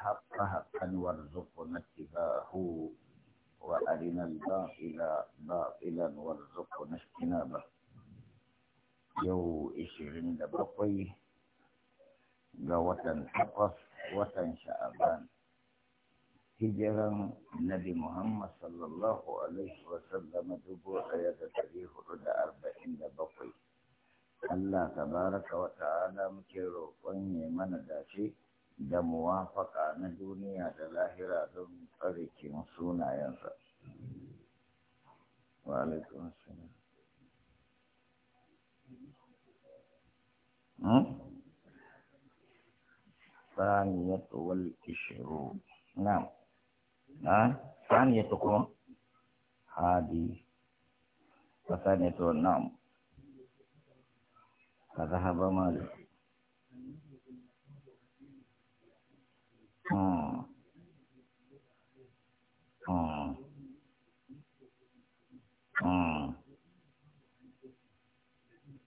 الحق حقا وارزقنا اتباعه وأرنا الباطل باطلا وارزقنا اجتنابه يو إشرين دبقوي قوة حقص وطن شعبان hijiran Nabi Muhammad sallallahu Alaihi wasallam dubu ɗaya da ɗari da arba'in da bakwai. Allah tabaraka wa ta'ala muke roƙon ya mana dace da muwafaka na duniya da lahira don tsarikin sunayensa. Hmm? wal Na'am. kuma? Hadi. na'am. Ka zahaba Mm. Mm. Mm.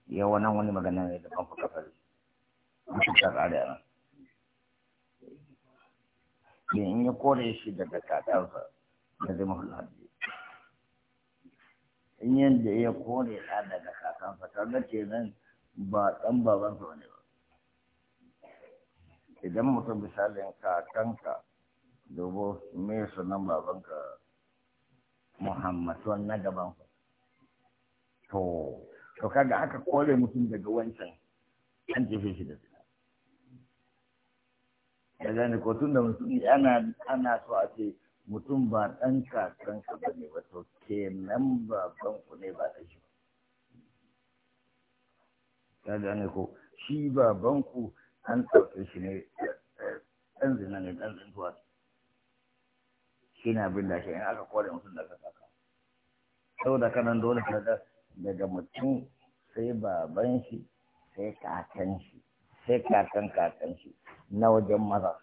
yawa nan wani magana ne da kan kuka fari ta tsada yana in ya kore shi daga kakarsa da zai mahulhaji in yadda ya kore ɗan daga kakansa ta ce nan ba ɗan babansa wani ba idan mutum misalin kanka dubu me sunan babanka muhammad na gaban to to kaga aka kore mutum daga wancan an jefe shi da ya gane ko tun da mutum ana ana so a ce mutum ba ɗan kanka ba ne ba to kenan baban ku ne ba da shi ba ya gane ko shi babanku ku an ɗauke shi ne ɗan zina ne ɗan zintuwa shi ne abin da shi in aka kore mutum da ka saka saboda kanan dole ka ga daga mutum sai baban shi sai kakan shi sai kakan kakan shi na wajen maza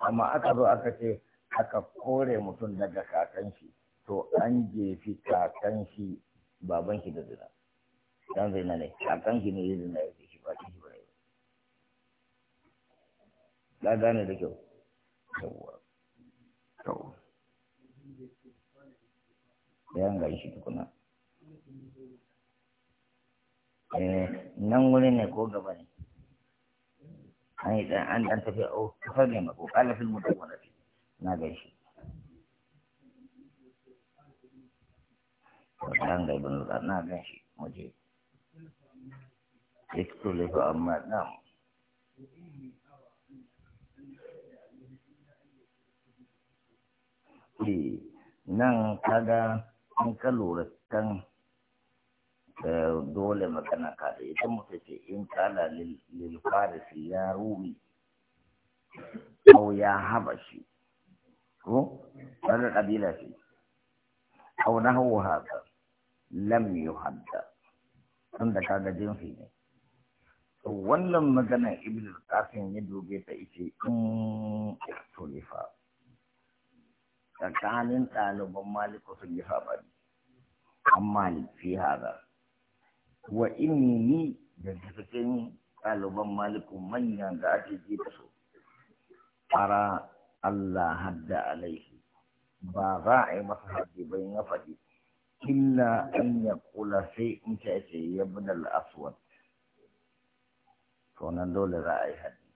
amma aka zo aka ce aka kore mutum daga kakan shi to an jefi kakan shi baban shi da zina dan zina ne kakan shi ne ya zina ya ce shi ba shi ba da gane da kyau yawwa to yan ga shi tukuna eh nan wuri ne ko gaba ne an yi ɗan an ɗan tafi o oh, kafar ne mako kala fil fi na gari shi Ɗan gari ga ibn na gari shi muje ikto le ko amma na'am eh nan kaga in ka lura kan eh, dole magana ka da ita mutu ce in kala lil farisi ya ruwi ko ya haba shi ko wani kabila ce wani hau haka lam yuhadda da kaga jinsi ne wannan magana ibnu qasim ya doge ta ice in ikhtilafa tsakanin ɗaliban maliku sun yi saɓani an malik fi wa inni ni da cikin ɗaliban maliku manyan da ake ji da su ara Allah hadda alaihi ba za a yi masa haɗi, ba ya faɗi illa an ya kula sai in ta ce ya bin al'aswad to nan dole za a yi haɗi.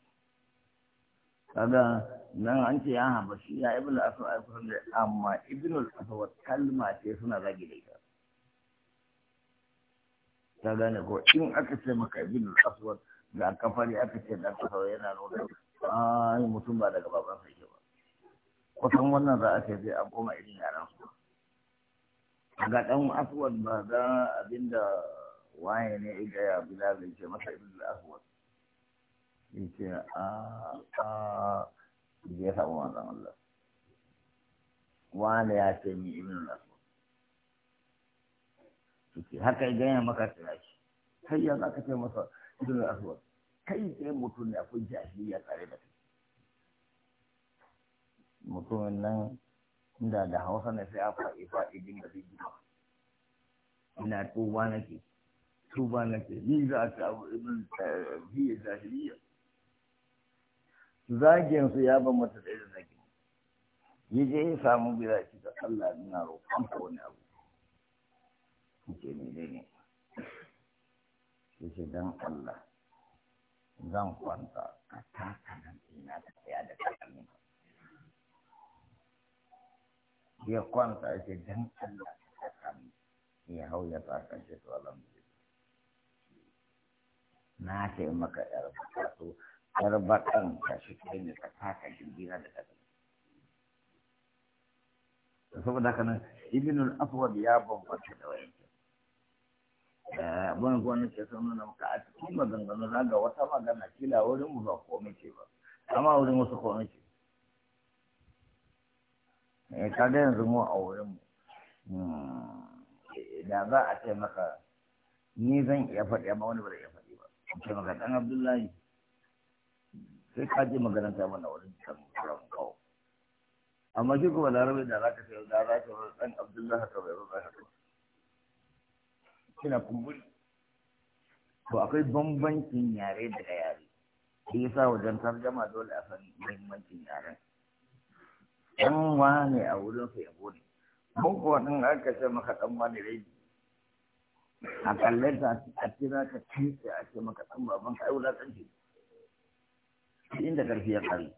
kaga nan an ce ya shi ya ibn al-aswad ai kusan da amma ibn al-aswad kalma ce suna zagi da ita ta gane ko in aka ce maka ibn al-aswad da kafari aka ce dan kafa yana nuna ai mutum ba daga baban sa ke ba kusan wannan za a ce sai an koma irin yaran su ga dan aswad ba ga abinda waye ne iga ga ya bilal ce masa ibn al-aswad yace a a ya samu manzon Allah wani ya ce ni ibn rasul yace haka idan ya maka tsira shi kai ya zaka ce masa ibn rasul kai sai mutum ne akwai jahiliya tare da kai mutumin nan inda da hausa ne sai a faɗi faɗi dinga zai ina tuba nake tuba nake ni za a ci abu ibn fiye eh, jahiliya zagin su ya bambanta da irin zagin ya je ya samu bila shi da Allah na roƙon ka wani abu ce ne ne ya ce dan Allah zan kwanta a taka nan ina ta tsaya da kalmi ya kwanta ya ce don Allah ka kalmi ya hau ya taka shi to Allah na ce maka yar bukatu har bakan ka shi kai ne ka taka gina da ƙasa saboda haka nan ibnul aswad ya bambanta da wayan ban eh, gwanin ke sun na maka a cikin maganganu za ga wata magana kila wurin mu ba komai ce ba amma wurin wasu komai ce eh, ka ga yanzu mu a wurin mu hmm, da za a ce maka ni zan iya faɗi amma wani ba zai iya faɗi ba ce maka dan abdullahi sai ka je magaranta mana wurin kan kuran kawo amma shi kuma larabai da za ka sayar da za ka sayar ɗan abdullahi ka bai da haka kina kumburi to akwai bambancin yare daga yare shi sa wajen tarjama dole a san muhimmancin yaren ɗan wane a wurin su yabo ne mun kuwa ɗin aka ce maka ɗan wane rai a kallon ta a cikin za ka ce a ce maka ɗan baban ka ai wulaƙanci inda karfi ya kare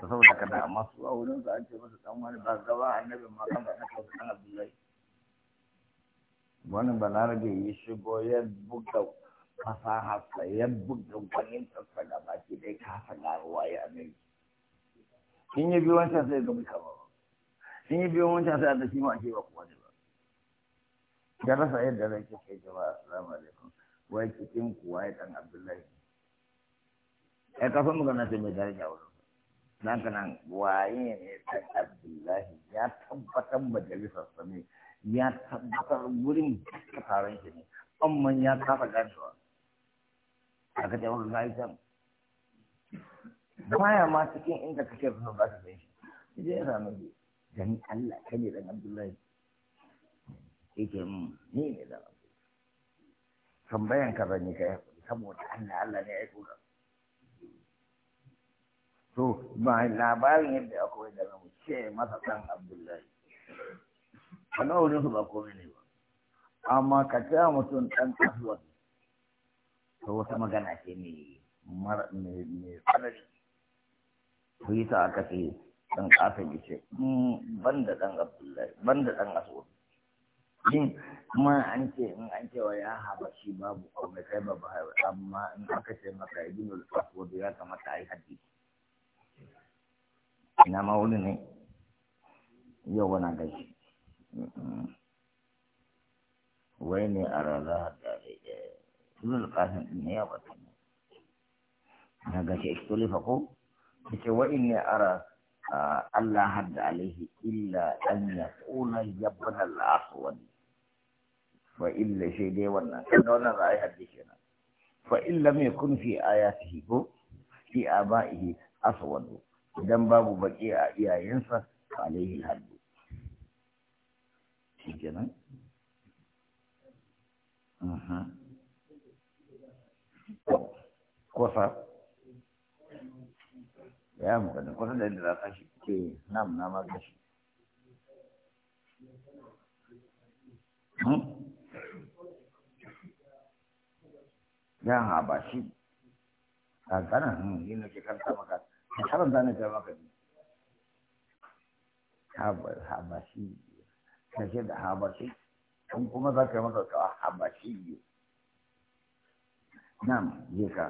ta saboda kada amma su a wurin za a ce musu ɗan wani ba gaba annabi ma kan ba na kawo dan abdullahi wannan balarabe ya shigo ya buga fasaha sa ya buga gwanin tsatsa da baki dai kasa garuwa ya annabi in yi biyu wancan sai ga muka ba in yi biyu wancan sai a tafi ma ake ba kuma ne ba Ya rasa yadda zai ke kai jama'a assalamu alaikum wai cikin kuwa ya ɗan abdullahi ai kafin magana ce mai daraja wurin nan ka nan waye ne san abdullahi ya tabbatar majalisar sa ne ya tabbatar wurin taron shi ne amman ya kafa ganewa a ka taimaka ga aikin baya ma cikin inda kake zuwa ba su shi idan ya sami shi dan Allah ka ne dan Abdullahi yake mu hmm, ni ne da tambayan ka yi saboda Allah Allah ne ya yi kuka. to ba labarin yadda aka wai da mu ce masa kan abdullahi a wurin su ba komai ne ba amma ka ta mutum ɗan kasuwa to wata magana ce mai tsanani ku yi ta aka ce ɗan ƙasa ya ce mm, ban da ɗan abdullahi ban da ɗan kasuwa yin kuma an ce in an wa ya haɓa shi babu komai kai ba ba amma in aka ce maka yi al-aswad ya kamata a yi hadisi ina ma wani ne yau wana gashi wai ne a raza da sunan kasan ne ya bata ne na gashi istulifa ko wai ne a raza Allah hadda alaihi illa an yakuna yabban al wani. fa illa shay dai wannan kan wannan ra'ayi hadda kenan fa illa mai kun fi ayatihi ko fi a abaihi aswad idan babu baki a iyayensa alaihi haddu shi kenan kusa ya mukaddin kusa da yadda za shi ke nam na hmm? shi ma gashi hmm, dan habashi kankana yin da ke kanta maka haram za na jama ka habashi kashe da habashi kun kuma za ka yi masa kawa habashi nan je ka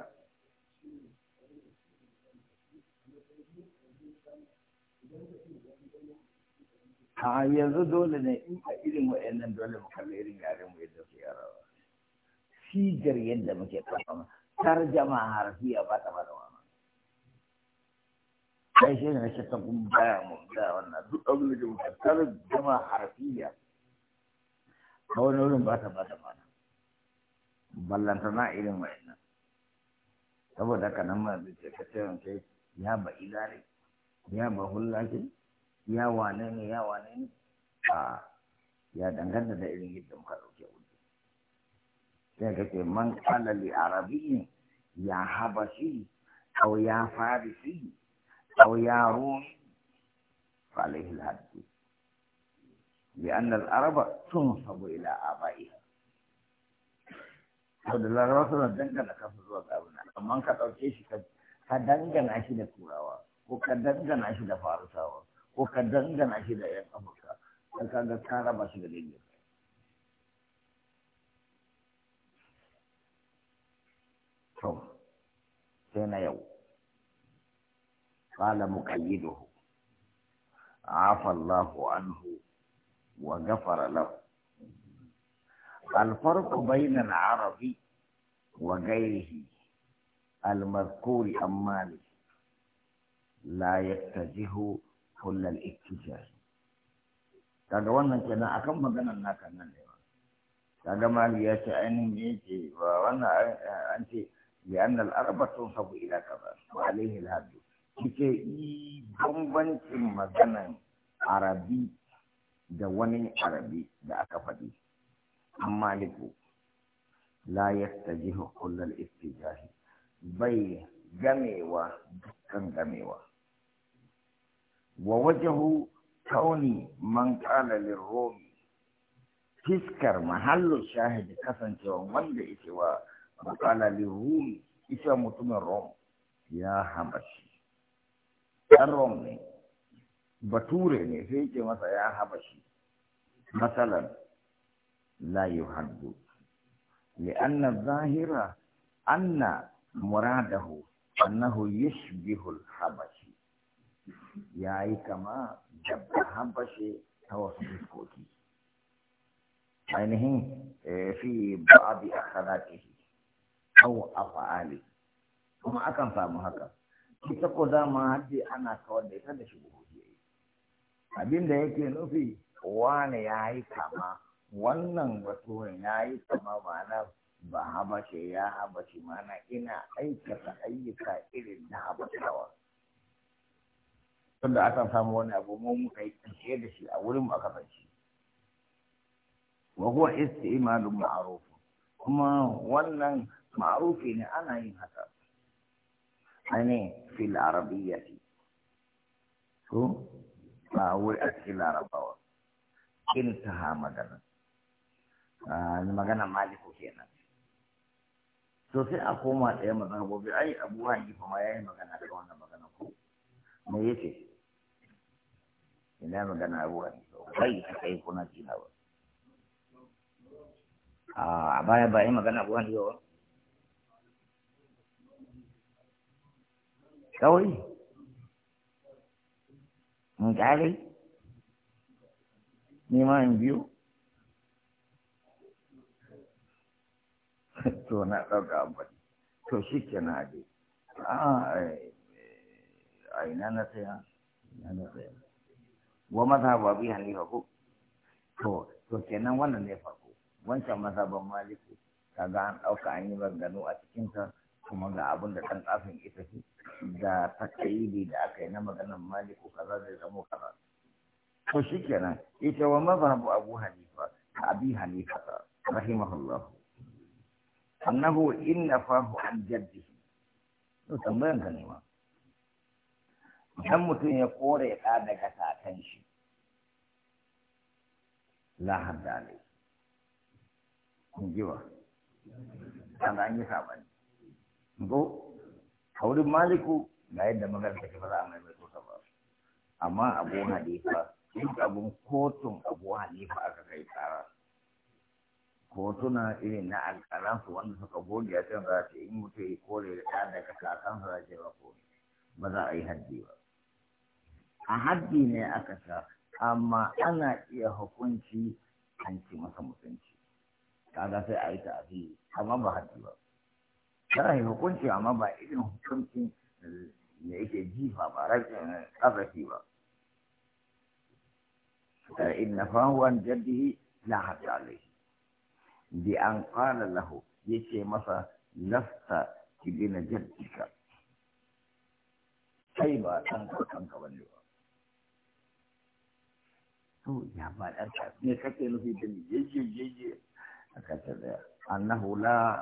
a yanzu dole ne in a irin wa'annan dole mu kalli irin yaren mu yadda su yara ba sigar yadda muke kafa tarjama harfiya ba ta fara kai shi ne na shi kun baya mu da wannan duk abin da mu tar jama'a harfiya a wani wurin ba ta ba ta mana ballanta na irin wa'annan saboda haka nan ma zai ce ka ce wanke ya ba ilare ya ba hullaki ya wane ne ya wane ne a ya danganta da irin yadda muka ɗauke wuce sai ka ce man kala li arabi ya shi, ko ya fara shi. أو يارون فعليه الهد لأن العرب تنصب إلى آبائها saboda zuwa ga amma ka ɗauke shi ka dangana shi da turawa ko ka da farisawa ko ka da yan afirka ka kaga ka raba shi na yau قال مقيده عفى الله عنه وغفر له الفرق بين العربي وغيره المذكور عن مالك لا يتجه كل الاتجاه kaga wannan kenan akan maganar naka nan ne ba kaga mali ya ce ainihin ya ce ba wannan an ce bi annal arba tun sabu ila kaza wa alaihi alhadu kike yi bambancin maganan arabi da wani arabi da aka faɗi amma liku la yastajihu kullal istijahi bai gamewa dukkan gamewa wa wajahu kauni man qala Romi, fiskar mahallu shahidi kasancewa wanda yake wa qala lirrumi isa mutumin rom ya hamashi. ɗan rom ne bature ne sai مثلا masa ya habashi matsalan la لأن الظاهرة أن مراده أنه يشبه الحبشي يعني كما جب الحبشي توصف سيكوتي يعني في بعض أخلاقه أو أفعاله هم أكن فهموا هكذا ita ko dama haddi ana kawar da ita da shubuhohi abin da yake nufi wane ya yi kama wannan mutumin ya yi kama ma'ana ba habashe ya habashe mana ina aikata ayyuka irin na habashawa tunda aka samu wani abu mu muka yi kashe da shi a wurin aka san shi wa huwa istimalun kuma wannan ma'arufi ne ana yin haka ne fil arabiyyati ko ba wai a cikin larabawa intaha magana ah, magana maliku kenan to sai a koma ɗaya mazhabobi ai abu hanifa ma yayi magana da wannan magana ko me yake ina magana abu hanifa bai ta kai kuna jina ba ah, a baya ba yi magana abu hanifa ba kawai in kare nima in biyu to na ɗauka abu to shi ke na haɗe a ina na tsaya ina na tsaya wa mazhab abi hanifa ko to to kenan wannan ne farko wancan mazhaban maliki kaga an ɗauka an yi maganganu a cikin ta kuma ga abin da ɗan ƙafin ita ce ga takaidi da aka yi na maganar maliku kaza zai zamo kaza to shikenan kenan ita wa mazhabu abu hanifa abi hanifa rahimahullah annahu inna fahu an jaddi to tambayan ka ne ma dan mutum ya kore ɗa daga satan shi la hadda kun ji wa an yi sabani go haurin maliku ga yadda magana take ba za a mai ta ba amma abu hanifa duk abun kotun abu hanifa aka kai tsara kotuna irin na alƙalansu wanda suka goge a can za ta in mutu ya kore da ɗan daga kakansa za ta ba ko ba za a yi haddi ba a haddi ne aka sa amma ana iya hukunci an ci masa mutunci kaga sai a yi ta'afi amma ba haddi ba za a yi hukunci amma ba irin hukuncin eh, da yake jifa ba rashin ƙazafi ba eh, inna fahuwan jaddihi la hatta alaihi bi an qala lahu yace masa lafta ibina jaddika kai ba ɗan kanka bane ba to ya ba ɗan ka me kake nufi da jeje jeje aka ce da annahu la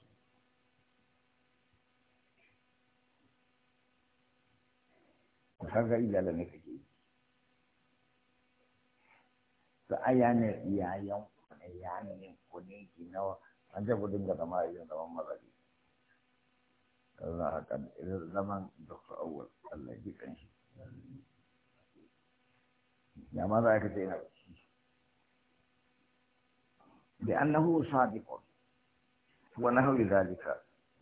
فرق ایلا لنه اگه تو ایانه ای آیام کنه یعنی نیم کنه که نو انجا بودیم که دماغ ایلا هذا يعني يعني مرادی الله اکن ایلا زمان دخل اول اللہ جی کنشی یا مادا اکتا اینا بسی بیانه صادق ونهو لذالک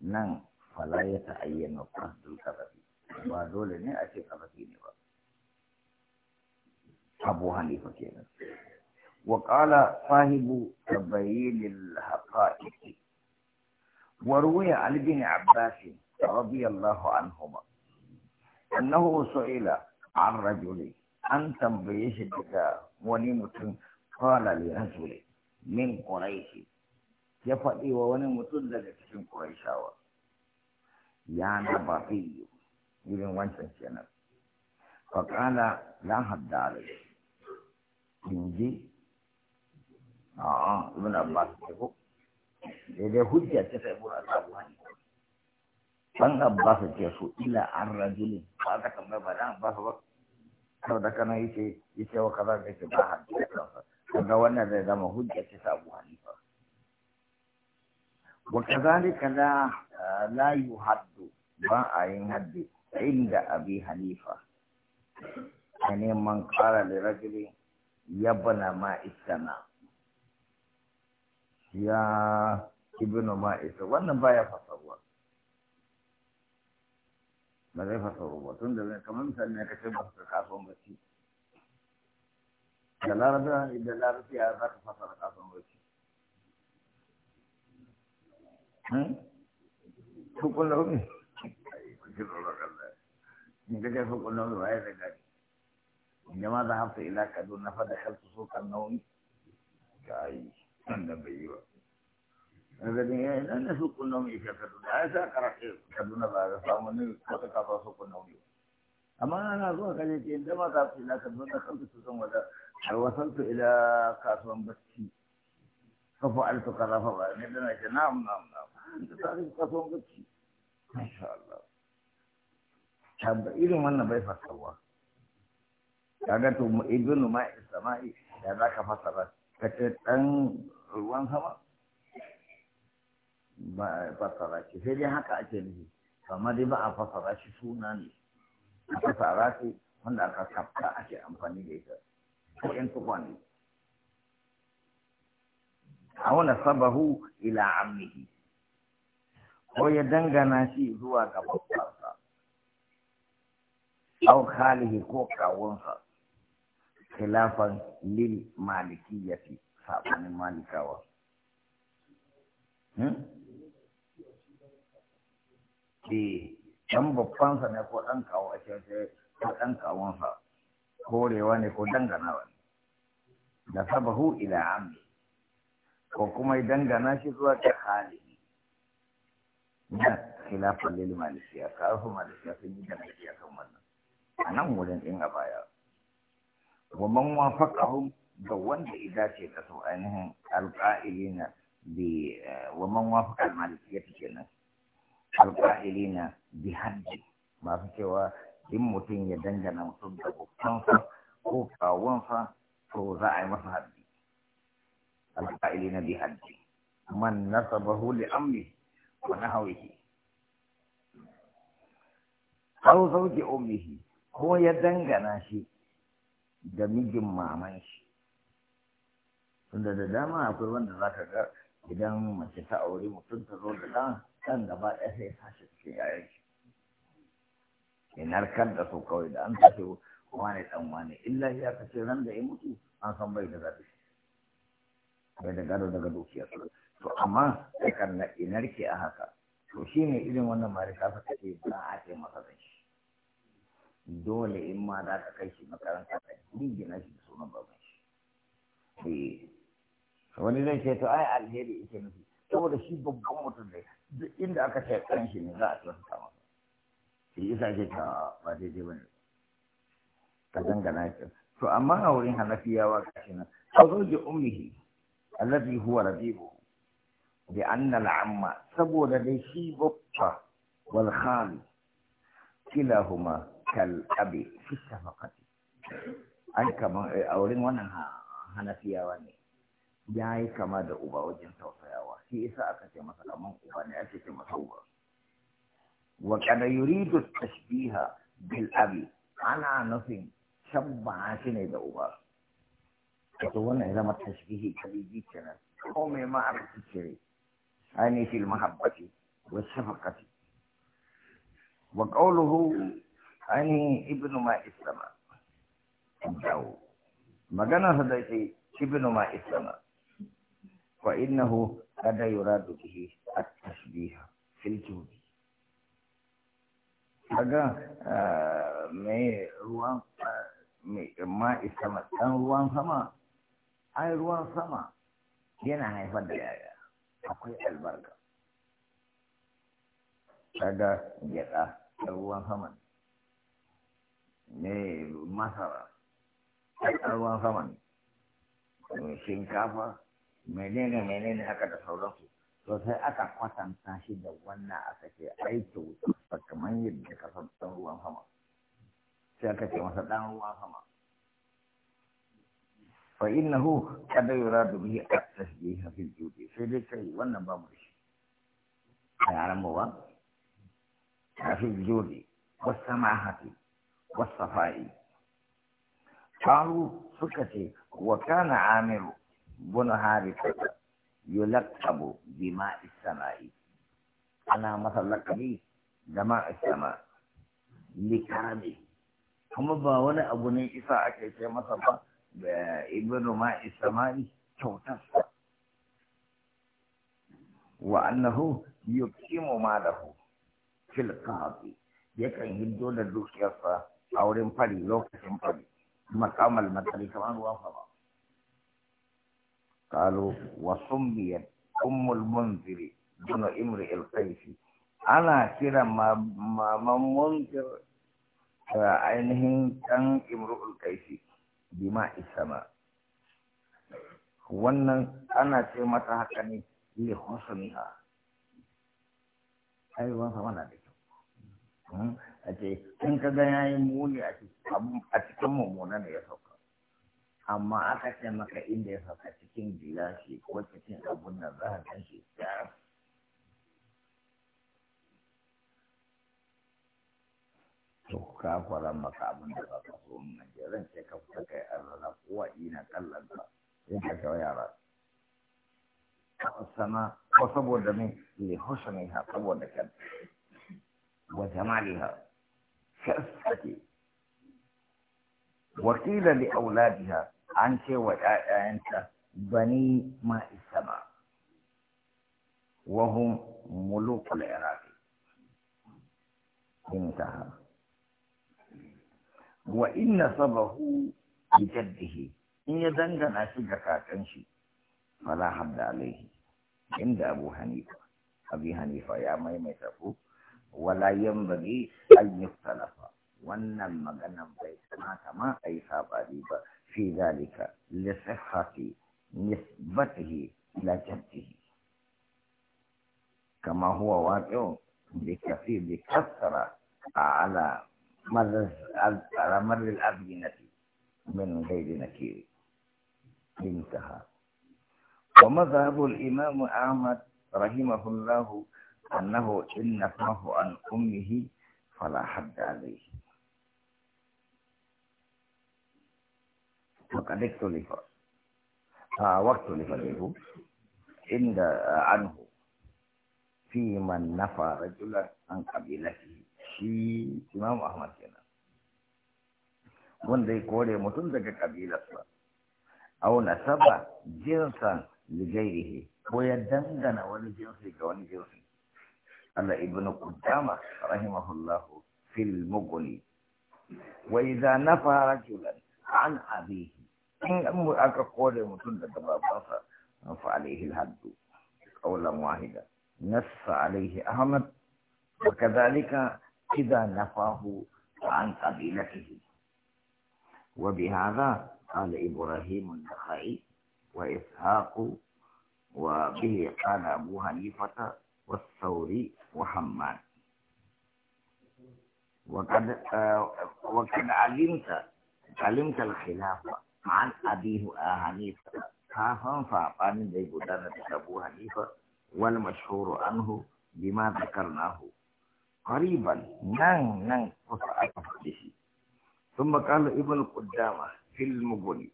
نن نعم. فلا يتعين قصد الكذب ba dole ne a ce salafi ne ba abu hanifa kenan waƙala qala sahibu tabayyinil haqa'iq wa ruwiya an ibn abbas radiyallahu anhuma annahu su'ila an rajuli an tambaye shi daga wani mutum qala li rajuli min ƙuraishi ya faɗi wa wani mutum daga cikin ƙuraishawa ya yi. irin wancan kenan faƙala la hadda in ji a ibn abbas ne ko daidai hujja ta sai ibn abbas ne ban abbas ce su ila an rajulin ba ka tambaya ba dan abbas ba saboda kana yace yace wa kaza da yake ba hadda kaga wannan zai zama hujja ta abu hanifa wa kazalika la la yuhaddu ba a yin haddi inda abi hanifa a neman kara da ya bana ma istana ya ibnu ma isa wannan baya fasarwa ba zai fasaru ba tun da zai kamar misali ne ka ce ba ka kasuwan shi da larabci da larabci ya za ka fasara kasuwan bacci tukun launi a yi kujirar إن كان فوق النوم وعيد قالي إنما ذهبت إلى كدون فدخلت سوق النوم كأي أنا بيوا أنا أنا سوق النوم إيش كدون هذا كرخي كدون بعد فمن كتك على سوق النوم أما أنا أقول كذلك عندما ذهبت إلى كدون دخلت سوق النوم وصلت إلى كاسوان بسي ففعلت كذا ففعلت نعم نعم نعم أنت تعرف كاسوان بسي ما شاء الله tabba irin wannan bai fasawa, kaga to ibnu ma'is sama'i da za ka fasara ka ce dan ruwan sama ba fasara shi sai dai haka ake nufi kamar dai ba a fasara shi suna ne a fasara shi wanda aka kafa ake amfani da ita ko in kwani. a wani sabahu ila amnihi ko ya dangana shi zuwa ga babbar au khalihi ko kawonsa khilafan lil malikiyati sabanin malikawa eh hmm? dan babbansa ne ko dan kawo a ce ko dan kawunsa korewa ne ko danganawa ne da sabahu ila amri ko kuma ya dangana shi zuwa ga khalihi na khilafan lil malikiya ka malikiya sun yi a nan wurin ɗin a baya wa man wafaqahum da wanda ya dace da sau ainihin alqa'ilina bi eh, wa man wafaqa al-malikiyyah kenan alqa'ilina bi haddi masu cewa in mutum ya dangana mutum da sa ko kawunsa to za a yi masa haddi alqa'ilina bi haddi man nasabahu li amri wa nahwihi aw zawji ummihi ko ya dangana shi da mijin maman shi tunda da dama akwai wanda za ka ga idan mace ta aure mutum ta zo da ɗan ɗan gaba ɗaya sai ta shi cikin yayan shi inar kan da kawai da an tafi wane ɗan wane illa ya ka ce ran da ya mutu an san bai da zaɓi bai da gado daga dukiya dukiyarsu to amma kan na inar a haka to shi ne irin wannan marika ta ce ba a ce masa da dole in ma za ka kai shi makaranta ka na shi da baban shi eh. wani zai ce to ai alheri ita nufi saboda shi babban mutum ne duk inda aka ce kan shi ne za a tsawon kama shi isa ce ta ba daidai ba ne ka dangana shi to amma a wurin hanafiyawa shi nan a ji ummihi allazi huwa rabibu bi anna al'amma saboda dai shi babba wal khali huma. kal'abi kita makan an kama a wurin wannan hanafiyawa ne ya yi kama da uba wajen tausayawa shi isa aka ce masa kaman uba ne ake ce masa uba wa kana yuridu tashbiha bil abi ana nufin shabba shi ne da uba to wannan ya zama tashbihi kaliji kenan ko mai ma a cire ainihin mahabbati wa shafaqati wa qawluhu Ani ibnu ma islama dawo magana sa da ce ibnu ma islama fa innahu kada yuradu bihi at-tashbih fil judi kaga ah, mai ruwan ah, ma islama dan ruwan sama ai ruwan sama yana haifar da yaya akwai albarka kaga gyaɗa da ruwan sama ne masara a ruwan sama ne eh, shinkafa menene menene haka da sauransu to sai aka kwatanta shi da wannan aka ce ai kyauta kamar yadda ka san ɗan ruwan sama sai aka ce masa ɗan ruwan sama fa innahu kada yuradu bihi at-tasbih fi al-judi sai dai kai wannan ba mu shi Ya yaran mu ba fi al-judi was samahati wasafa'i taru suka ce wa kana amir bin harith bi ma isma'i ana masa lakabi da ma isma likarami kuma ba wani abu ne isa ake ce masa ba ibn ma isma'i kyautar wa annahu yukimu ma lahu fil qadi yakan hiddo da dukiyarsa a wurin fari lokacin fari makamal matsari kamar ruwan fama kalu wa sumbiyar ummul munziri duna imri ilkaisi ana kira maman munzir eh, ainihin ɗan imru ilkaisi bima isama wannan ana ce mata haka ne li husniha ai ruwan sama na da kyau hmm? a ce in ka ga yi muni a cikin mummuna ne ya sauka amma aka ce maka inda ya sauka cikin gilashi ko cikin abun nan za a gan shi to ka kwara maka abin da ba ka so mun jiran sai ka fita kai arzana kowa ina kallon ka sai ka kawai yara sana ko saboda ne li ha saboda kan wa jamaliha kaskade wakila li auladiha an ce wa ƴaƴayenta bani ma isama wa hum iraq wa inna sabahu bi jaddihi in ya dangana shi ga kakan shi Wala hadda alaihi inda abu hanifa abi hanifa ya maimaita ku ولا ينبغي أن يختلف وأن المغنى بيت ما تما أي صحابي في ذلك لصحة نسبته إلى جده كما هو واقع بكثير بكثرة على على مر الأبينة من غير نكير انتهى ومذهب الإمام أحمد رحمه الله أنه إن نفاه عن أمه فلا حد عليه وقد اختلف واختلف له عند عنه في من نفى رجلا عن قبيلته شيء إمام أحمد كنا wanda kore mutum daga ƙabilarsa au nasaba jinsan ligairihi ko ya dangana wani jinsi ga wani jinsi أن ابن قدامة رحمه الله في المغني وإذا نفى رجلا عن أبيه إن قول متن تبابا فعليه الحد قولا واحدا نص عليه أحمد وكذلك إذا نفاه عن قبيلته وبهذا قال إبراهيم النخعي وإسحاق وبه قال أبو حنيفة والثوري Muhammad. Wakad eh, alimta alimta al-khilafa ma'an abihu a Hanifa. Ka san saɓanin da ya gudana da Abu Hanifa wal mashhuru anhu bima zakarnahu. Qariban nan nan kusa aka faɗi shi. Sun maƙalar Ibn Qudama fil mughni.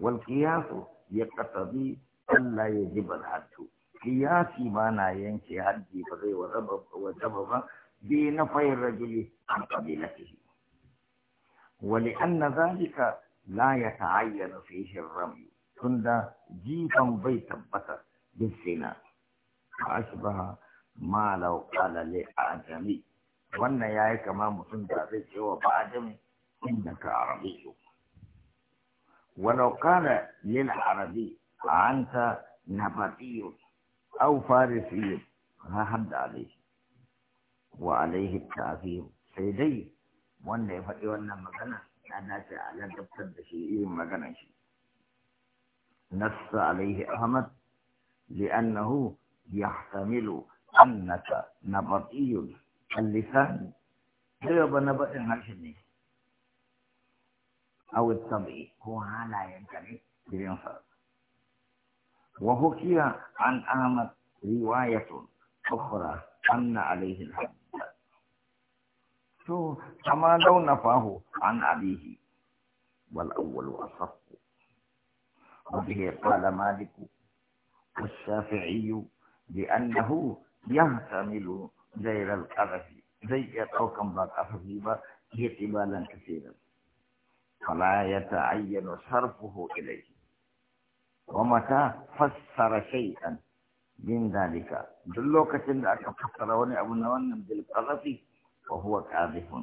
Wal kiyasu ya katabi Allah ya jibar hatu. قياسي ما na yanke هدي ba وزبغ wajaba ba bi na ولأن ذلك لا يتعين فيه الرمي تند جيفا بطا بالزنا فأشبه ما لو قال لأعجمي وأن ما كما مسند سوى وبعجمي إنك عربي ولو قال للعربي أنت نبطي أو فارسي ها حد عليه وعليه التعذيب سيدي وانا يفعي وانا مكانا انا على دبتر بشيء مكانا شيء نص عليه أحمد لأنه يحتمل أنك نبطي اللسان سيب نبط الهرشني أو الطبيعي هو هالا ينكري بلين صار وحكي عن أحمد رواية أخرى أن عليه الحمد تو كما لو نفاه عن أبيه والأول أصف وبه قال مالك والشافعي لأنه يحتمل غير القذف زي أو كم بعد أفضيبا احتمالا كثيرا فلا يتعين صرفه إليه ومتى فسر شيئا من ذلك دلوك كتن أكا فسر وني أبو نوان بالقذف وهو كاذف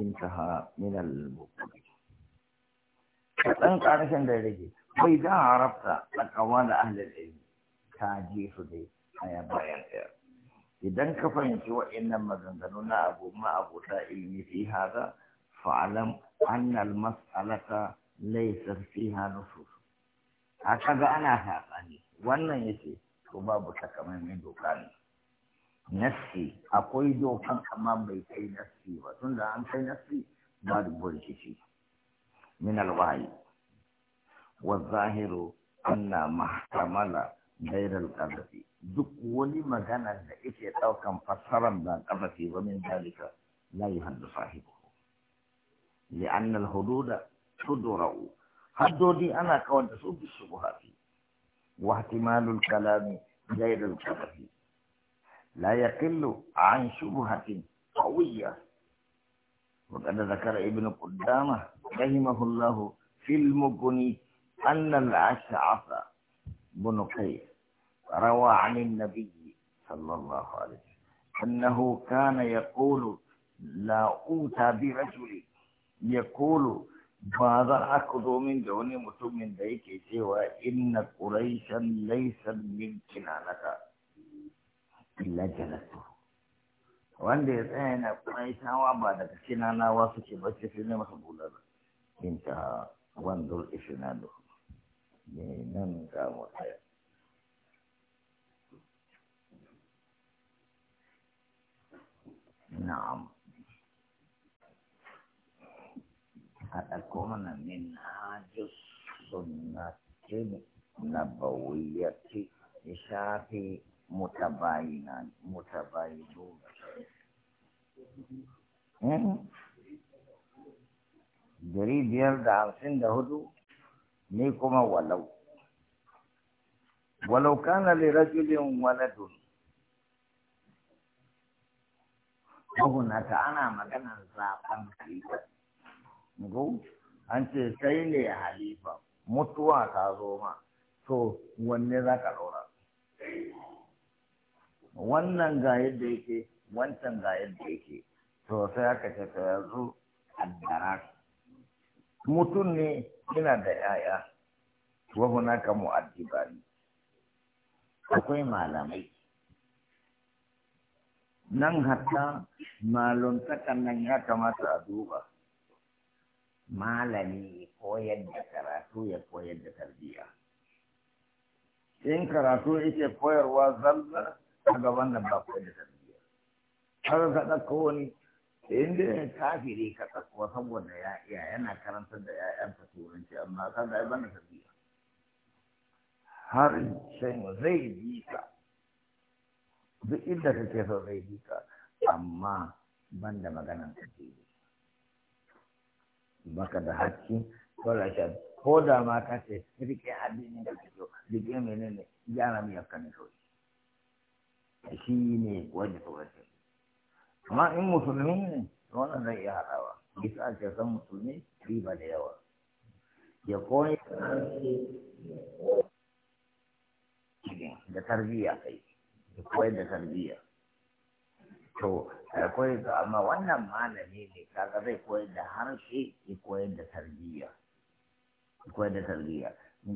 انتهى من المبتدع عارف أن ذلك وإذا عرفت أقوال أهل العلم تاجيف دي هيا بايان إذا كفنت وإنما ذنبنا أبو ما أبو تائلني في هذا فاعلم أن المسألة ليست فيها نصوص a kaga ana ne wannan yake to babu takamaimai doka ne nassi akwai dokan amma bai kai nassi ba tun da an kai nassi ba da burkici min alwahi wa zahiru anna mahtamala gairar ƙarfafi duk wani magana da ake ɗaukan fassarar da ƙarfafi ba min dalika la yi haddu sahibu li'annal hududa tudra'u haddodi ana kawar da su bisu buhafi wa hatimalul kalami gairul kalafi la yaqillu an shubhatin qawiyya وقد ذكر ابن قدامة رحمه الله في المغني أن الأشعث بن قيس روى عن النبي صلى الله عليه وسلم أنه كان يقول لا أوتى برجل يقول ba za a kuzo min da wani mutumin da yake cewa inna quraishan laysa min kinanaka illa wanda ya tsaya yana quraishawa ba daga kinanawa suke ba ce sai ne masa bular inta wanzur isnadu ne nan ga mu na'am a ɗauko mana min hajjus sunnatin nabawiyyati ya shafi mutabayina mutabayinu Dari biyar da hamsin da hudu ni kuma walau. Walau kana li rajulin waladun mahunata ana maganar zaben halitta go an ce kai ne halifa mutuwa ta zo ma to wanne za ka ɗora wannan ga yadda yake wancan ga yadda yake to sai aka ce ta yanzu addara mutum ne yana da 'ya'ya wa hunaka mu'addibani akwai malamai nan hatta malontakan nan ya kamata a duba malami koyar da karatu ya koyar da tarbiyya in karatu yake koyarwa zalla a gaban da ba koyar da tarbiyya har ka ɗauko wani inda ya kafiri ka ɗauko saboda ya iya yana karantar da ‘ya'yansa turanci amma ka da ban da tarbiyya har shan zai bi ka duk inda kake so zai bi ka amma ban da maganan tarbiyya baka da hakki dole shi ko da ma ka ce rike addini da kake rike menene gyara miyar ka ne kawai shi ne wajen wajen amma in musulmi ne wannan zai iya haɗawa bisa ce san musulmi riba da yawa ya koyi da tarbiyya kai ya koyar da tarbiyya to akwai da amma wannan malami ne kaga zai koyar da harshe ya koyar da tarbiyya koyar da tarbiyya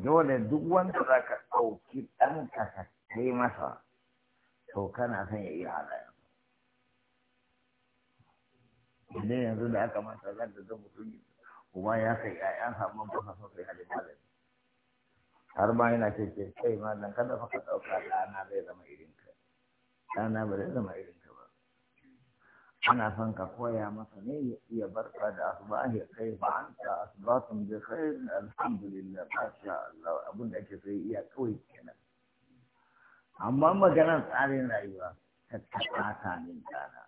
dole duk wanda za ka ɗauki ɗan ka kai masa to kana son ya iya yanzu. idan yanzu da aka masa zan ta zan mutum kuma ya kai ya samu ba son sai halin malami har ma yana ce ce kai malam kada fa ka ɗauka ɗana zai zama irin ka ɗana ba zai zama irin ana son ka koya masa ne ya iya barka da asbahi kai ba an ta asbatun bi khair alhamdulillah masha Allah abin da ake sai iya kawai kenan amma maganar tsarin rayuwa ta tsaka min dana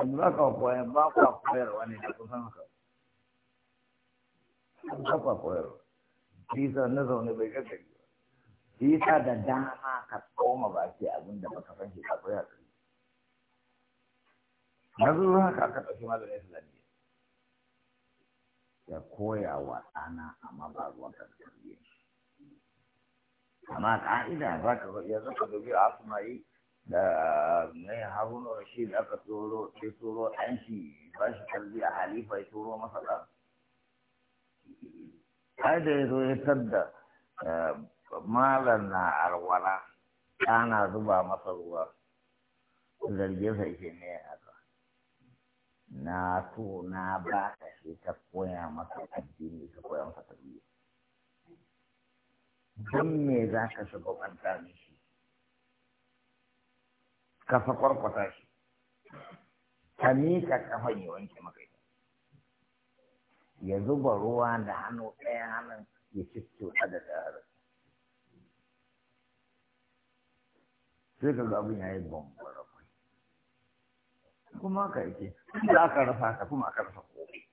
an za ka koya ba ka koyarwa ne da kusan ka ba ka koyarwa shi sa na zaune bai kasance ba shi sa da dama ka koma baki abin da baka san shi ka koyar yanzu haka aka ɗauki malamin islamiyya ya koya wa ɗana amma ba ruwan ka tarbiyya amma ka'ida za ka yanzu ka dubi asma'i da mai haruna da aka turo sai tsoro ɗan shi ba shi tarbiyya halifa ya tsoro masa ɗan ai da ya zo ya tadda eh, malam na arwala ɗana zuba masa ruwa zargin sa ke ne a na so na ba ka shi ka koya masa addini ka koya masa tarbiyya don me za ka shiga kwanta da shi ka sa kwarkwata shi ka miƙa kafan ya wanke maka ita ya zuba ruwa da hannu ɗaya hannun ya cuccuta da tsarin sai ka ga abin ya yi bambara kuma ka yake inda aka rasa ka kuma aka rasa komai